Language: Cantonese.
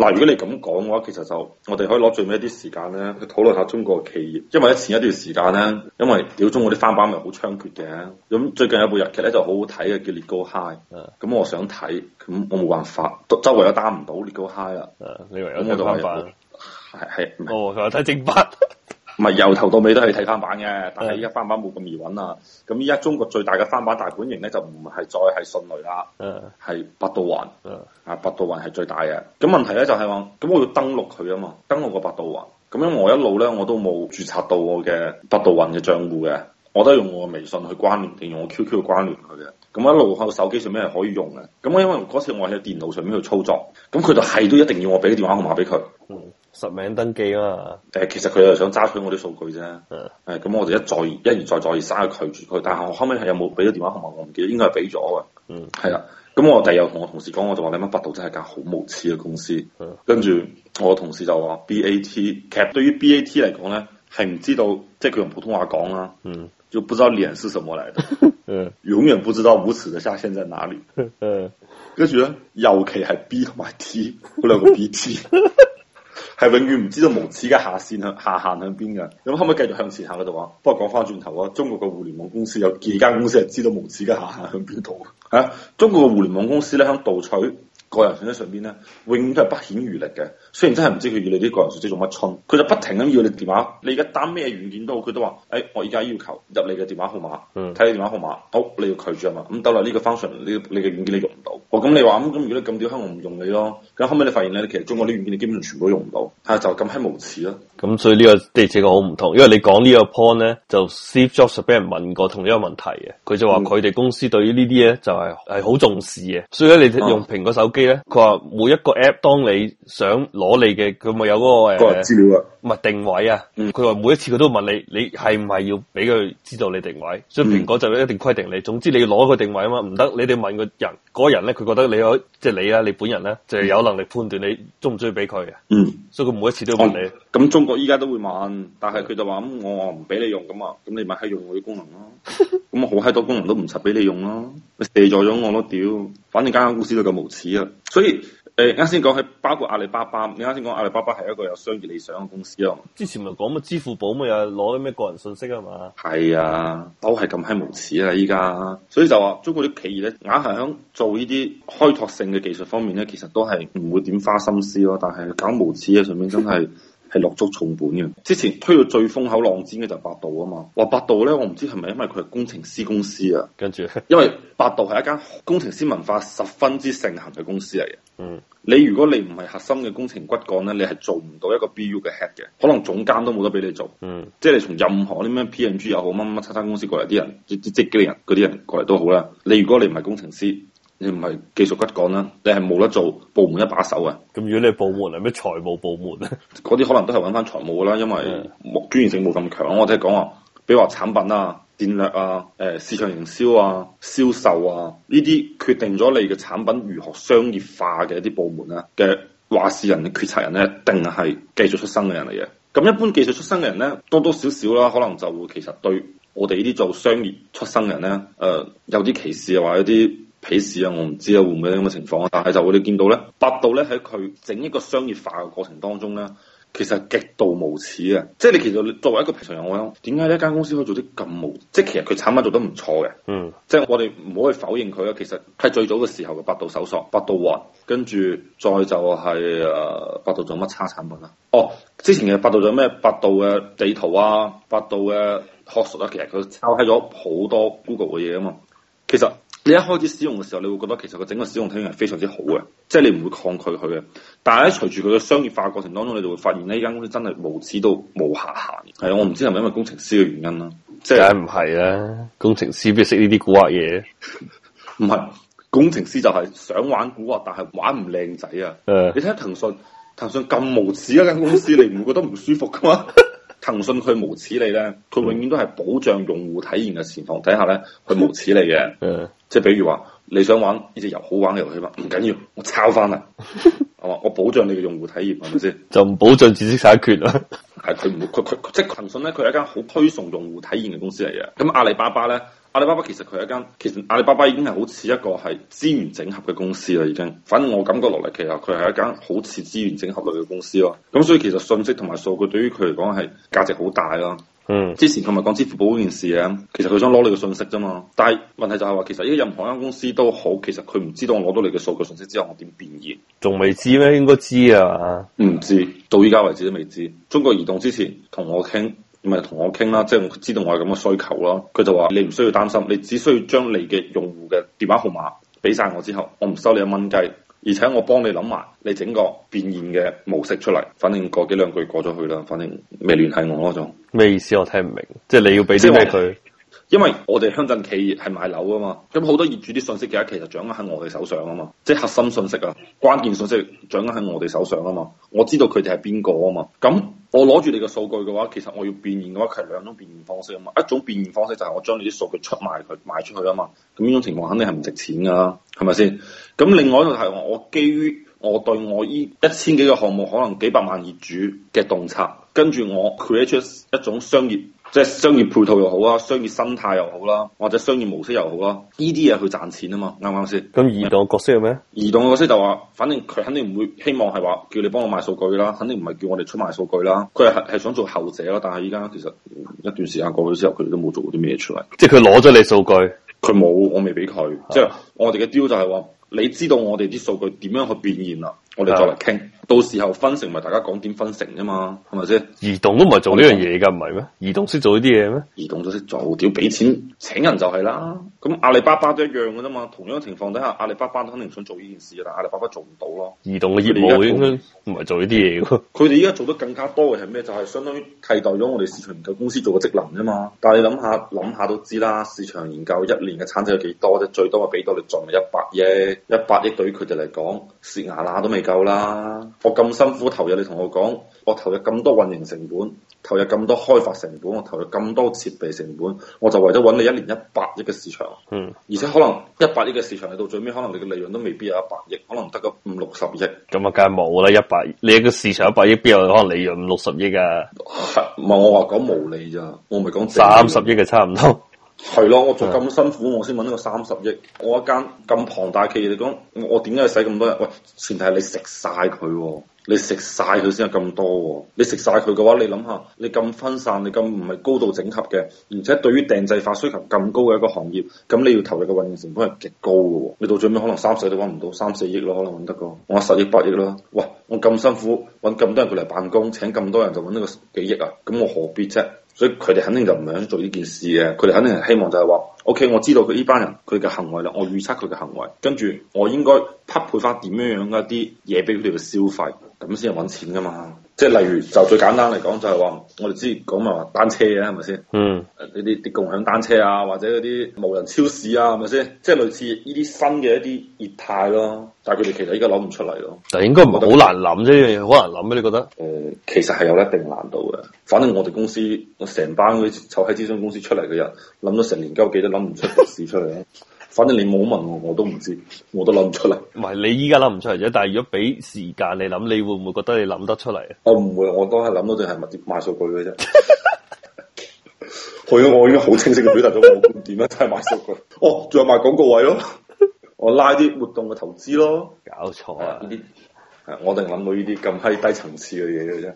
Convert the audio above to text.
嗱，如果你咁講嘅話，其實就我哋可以攞最尾一啲時間咧去討論下中國企業，因為前一段時間咧，因為屌中嗰啲翻版咪好猖獗嘅，咁最近有部日劇咧就好好睇嘅，叫《legal high》。咁我想睇，咁我冇辦法，周圍都打唔到《legal high》啦，你唯有喺度翻版，係係，哦，佢話睇正版。唔由頭到尾都係睇翻版嘅，但係依家翻版冇咁易揾、啊、啦。咁依家中國最大嘅翻版大本營咧，就唔係再係迅雷啦，係百度雲。啊，百度雲係最大嘅。咁問題咧就係、是、話，咁我要登錄佢啊嘛，登錄個百度雲。咁樣我一路咧我都冇註冊到我嘅百度雲嘅賬戶嘅，我都係用我微信去關聯，定用我 QQ 去關聯佢嘅。咁一路喺手機上面係可以用嘅。咁因為嗰次我喺電腦上面去操作，咁佢就係都一定要我俾個電話號碼俾佢。嗯實名登記啊！誒，其實佢又想揸取我啲數據啫。誒，咁我就一再一而再再而三去拒絕佢，但係我後尾係有冇俾咗電話號碼？我唔記得，應該係俾咗嘅。嗯，係啦。咁我第日同我同事講，我就話：，你阿媽百度真係間好無恥嘅公司。跟住我同事就話：，B A T，其實對於 B A T 嚟講咧，係唔知道即係佢用普通話講啦。嗯，就不知道臉是什麼來的。嗯，永遠不知道無恥的下線在哪裏。嗯，跟住咧，尤其係 B 同埋 T 嗰兩個 B T。係永遠唔知道無恥嘅下線向下限向邊嘅，咁可唔可以繼續向前行嗰度啊？不過講返轉頭 啊，中國嘅互聯網公司有幾間公司係知道無恥嘅下限向邊度啊？中國嘅互聯網公司咧，響盜取個人信息上邊咧，永遠都係不遺餘力嘅。雖然真係唔知佢要你啲個人信息做乜春，佢就不停咁要你電話。你而家擔咩軟件都好，佢都話：，誒、欸，我而家要求入你嘅電話號碼，睇你電話號碼，好你要拒絕嘛？咁到留呢個 function，你個呢軟件你用唔到。咁、哦、你話咁咁，嗯、如果你咁屌閪，我唔用你咯。咁後尾你發現咧，其實中國啲軟件你基本上全部都用唔到，係、啊、就咁閪無恥咯。咁所以呢、這個地鐵個好唔同，因為你講呢個 point 咧，就 Steve Jobs 俾人問過同一個問題嘅，佢就話佢哋公司對於呢啲咧就係係好重視嘅。所以咧，你用蘋果手機咧，佢話、啊、每一個 app 當你想攞你嘅，佢咪有嗰、那個誒、啊啊、資料啊，唔係定位啊。佢話、嗯、每一次佢都問你，你係唔係要俾佢知道你定位？所以蘋果就一定規定你，總之你要攞個定位啊嘛，唔得你哋問個人人咧。佢覺得你有，即係你咧，你本人咧，就有能力判斷你中唔中意俾佢嘅，嗯，所以佢每一次都要問你。嗯咁中國依家都會問，但係佢就話咁，是的 我唔俾你用咁啊，咁你咪係用我啲功能咯。咁啊，好閪多功能都唔插俾你用咯，你卸咗咗我都屌。反正間間公司都咁無恥啊。所以誒，啱先講係包括阿里巴巴，你啱先講阿里巴巴係一個有商業理想嘅公司咯。之前咪講乜支付寶咪又攞啲咩個人信息啊嘛？係啊，都係咁閪無恥啦！依家所以就話中國啲企業咧，硬係響做呢啲開拓性嘅技術方面咧，其實都係唔會點花心思咯。但係搞無恥啊，上面真係～ 係落足重本嘅。之前推到最風口浪尖嘅就係百度啊嘛。話百度咧，我唔知係咪因為佢係工程師公司啊。跟住，因為百度係一間工程師文化十分之盛行嘅公司嚟嘅。嗯，你如果你唔係核心嘅工程骨幹咧，你係做唔到一個 BU 嘅 head 嘅，可能總監都冇得俾你做。嗯，即係你從任何啲咩 PNG 又好，乜乜七叉公司過嚟啲人，即即即幾人嗰啲人過嚟都好啦。你如果你唔係工程師。你唔係技術骨幹啦，你係冇得做部門一把手啊！咁如果你係部門啊，咩財務部門啊？嗰 啲可能都係揾翻財務啦，因為冇的專業性冇咁強。我哋講話，比如話產品啊、戰略啊、誒市場營銷啊、銷售啊，呢啲決定咗你嘅產品如何商業化嘅一啲部門咧嘅話事人、嘅決策人咧，一定係技術出身嘅人嚟嘅。咁一般技術出身嘅人咧，多多少少啦，可能就會其實對我哋呢啲做商業出身嘅人咧，誒、呃、有啲歧視啊，或者啲～鄙視啊！我唔知啊，會唔會咁嘅情況啊？但係就我哋見到咧，百度咧喺佢整一個商業化嘅過程當中咧，其實係極度無恥嘅。即係你其實作為一個平常人，我想點解一間公司可以做啲咁無？即係其實佢產品做得唔錯嘅。嗯，即係我哋唔好去否認佢啊。其實係最早嘅時候嘅百度搜索、百度雲，跟住再就係、是、誒、呃，百度做乜叉產品啊？哦，之前嘅百度做咩？百度嘅地圖啊，百度嘅學術啊，其實佢抄起咗好多 Google 嘅嘢啊嘛。其實。你一開始使用嘅時候，你會覺得其實個整個使用體驗係非常之好嘅，即係你唔會抗拒佢嘅。但係喺隨住佢嘅商業化過程當中，你就會發現呢間公司真係無恥到無下限，限。係啊，我唔知係咪因為工程師嘅原因啦，即係唔係啊，工程師邊識呢啲古惑嘢？唔係， 工程師就係想玩古惑，但係玩唔靚仔啊！嗯、你睇下騰訊，騰訊咁無恥一、啊、間公司， 你唔會覺得唔舒服㗎嘛。騰訊佢無恥咧，佢永遠都係保障用戶體驗嘅情況底下咧，佢無恥嘅。嗯， 即係比如話，你想玩呢隻遊好玩嘅遊戲嘛？唔緊要，我抄翻啦。我話 我保障你嘅用戶體驗係咪先？是是 就唔保障知識產權啦。係佢唔佢佢即係騰訊咧，佢係一間好推崇用戶體驗嘅公司嚟嘅。咁阿里巴巴咧？阿里巴巴其實佢係一間，其實阿里巴巴已經係好似一個係資源整合嘅公司啦，已經。反正我感覺落嚟，其實佢係一間好似資源整合類嘅公司咯。咁所以其實信息同埋數據對於佢嚟講係價值好大咯。嗯。之前同埋講支付寶嗰件事啊，其實佢想攞你嘅信息啫嘛。但係問題就係話，其實依家任何間公司都好，其實佢唔知道我攞到你嘅數據信息之後我變變，我點變現？仲未知咩？應該知啊？唔知，到依家為止都未知。中國移動之前同我傾。咪同我傾啦，即係知道我係咁嘅需求咯。佢就話你唔需要擔心，你只需要將你嘅用戶嘅電話號碼俾晒我之後，我唔收你一蚊雞，而且我幫你諗埋你整個變現嘅模式出嚟。反正過幾兩個月過咗去啦，反正未聯繫我咯，仲咩意思？我聽唔明。即係你要俾啲咩佢？因為我哋鄉鎮企業係買樓啊嘛，咁好多業主啲信息其實，其實掌握喺我哋手上啊嘛，即係核心信息啊，關鍵信息掌握喺我哋手上啊嘛，我知道佢哋係邊個啊嘛，咁。我攞住你個數據嘅話，其實我要變現嘅話，其實兩種變現方式啊嘛。一種變現方式就係我將你啲數據出賣佢賣出去啊嘛。咁呢種情況肯定係唔值錢噶啦，係咪先？咁另外一個係我基於我對我呢一千幾個項目可能幾百萬業主嘅洞察，跟住我 create 出一種商業。即係商業配套又好啦，商業生態又好啦，或者商業模式又好啦，呢啲嘢去賺錢啊嘛，啱啱先？咁移動角色係咩？移動角色就話，反正佢肯定唔會希望係話叫你幫我賣數據啦，肯定唔係叫我哋出賣數據啦，佢係係想做後者啦。但係依家其實一段時間過去之後，佢哋都冇做過啲咩出嚟。即係佢攞咗你數據，佢冇，我未俾佢。是的 即係我哋嘅標就係話，你知道我哋啲數據點樣去變現啦。啊、我哋再嚟傾，到時候分成咪大家講點分成啫嘛，係咪先？移動都唔係做呢樣嘢噶，唔係咩？移動識做呢啲嘢咩？移動都識做，屌俾錢請人就係啦。咁阿里巴巴都一樣嘅啫嘛，同樣情況底下，阿里巴巴肯定想做呢件事嘅，但阿里巴巴做唔到咯。移動嘅業務應該唔係做呢啲嘢嘅。佢哋依家做得更加多嘅係咩？就係相當於替代咗我哋市場研究公司做嘅職能啫嘛。但係你諗下，諗下都知啦，市場研究一年嘅產值有幾多啫？最多啊，俾到你盡一百億，一百億對於佢哋嚟講，蝕牙乸都未夠啦。我咁辛苦投入，你同我講，我投入咁多運營成本。投入咁多開發成本，我投入咁多設備成本，我就為咗揾你一年一百億嘅市場。嗯，而且可能一百億嘅市場，嚟到最尾可能你嘅利潤都未必有一百億，可能得個五六十億。咁啊，梗係冇啦！一百億，你一個市場一百億，邊有可能利潤五六十億啊？唔係我話講無利咋，我咪講三十億嘅差唔多。係咯，我做咁辛苦，我先揾到個三十億。我一間咁龐大企業嚟講，我點解使咁多？喂，前提係你食晒佢喎。你食晒佢先有咁多、哦，你食晒佢嘅話，你諗下，你咁分散，你咁唔係高度整合嘅，而且對於訂製化需求咁高嘅一個行業，咁你要投入嘅運營成本係極高嘅喎、哦。你到最尾可能三水都揾唔到三四億咯，可能揾得個，我十億八億咯。喂，我咁辛苦揾咁多人過嚟辦公，請咁多人就揾到個幾億啊，咁我何必啫？所以佢哋肯定就唔想做呢件事嘅，佢哋肯定係希望就係話，OK，我知道佢呢班人佢嘅行為啦，我預測佢嘅行為，跟住我應該匹配翻點樣樣嘅一啲嘢俾佢哋去消費。咁先係揾錢㗎嘛？即係例如就最簡單嚟講，就係話我哋之前講埋話單車嘅，係咪先？嗯，呢啲啲共享單車啊，或者嗰啲無人超市啊，係咪先？即係類似呢啲新嘅一啲業態咯。但係佢哋其實依家諗唔出嚟咯。但應該唔係好難諗啫，好難諗咩？你覺得？誒，其實係有一定難度嘅、呃。反正我哋公司我成班嗰啲湊喺諮詢公司出嚟嘅人，諗咗成年鳩幾都諗唔出事出嚟。 反正你冇問我，我都唔知，我都諗唔出嚟。唔係你依家諗唔出嚟啫，但係如果俾時間你諗，你會唔會覺得你諗得出嚟？我唔會，我都係諗到就係賣啲賣數據嘅啫。 去咯，我已經好清晰嘅表達咗我觀點啦，即係 賣數據。哦，仲有賣廣告位咯，我拉啲活動嘅投資咯。搞錯啊！呢啲，我定諗到呢啲咁閪低層次嘅嘢嘅啫。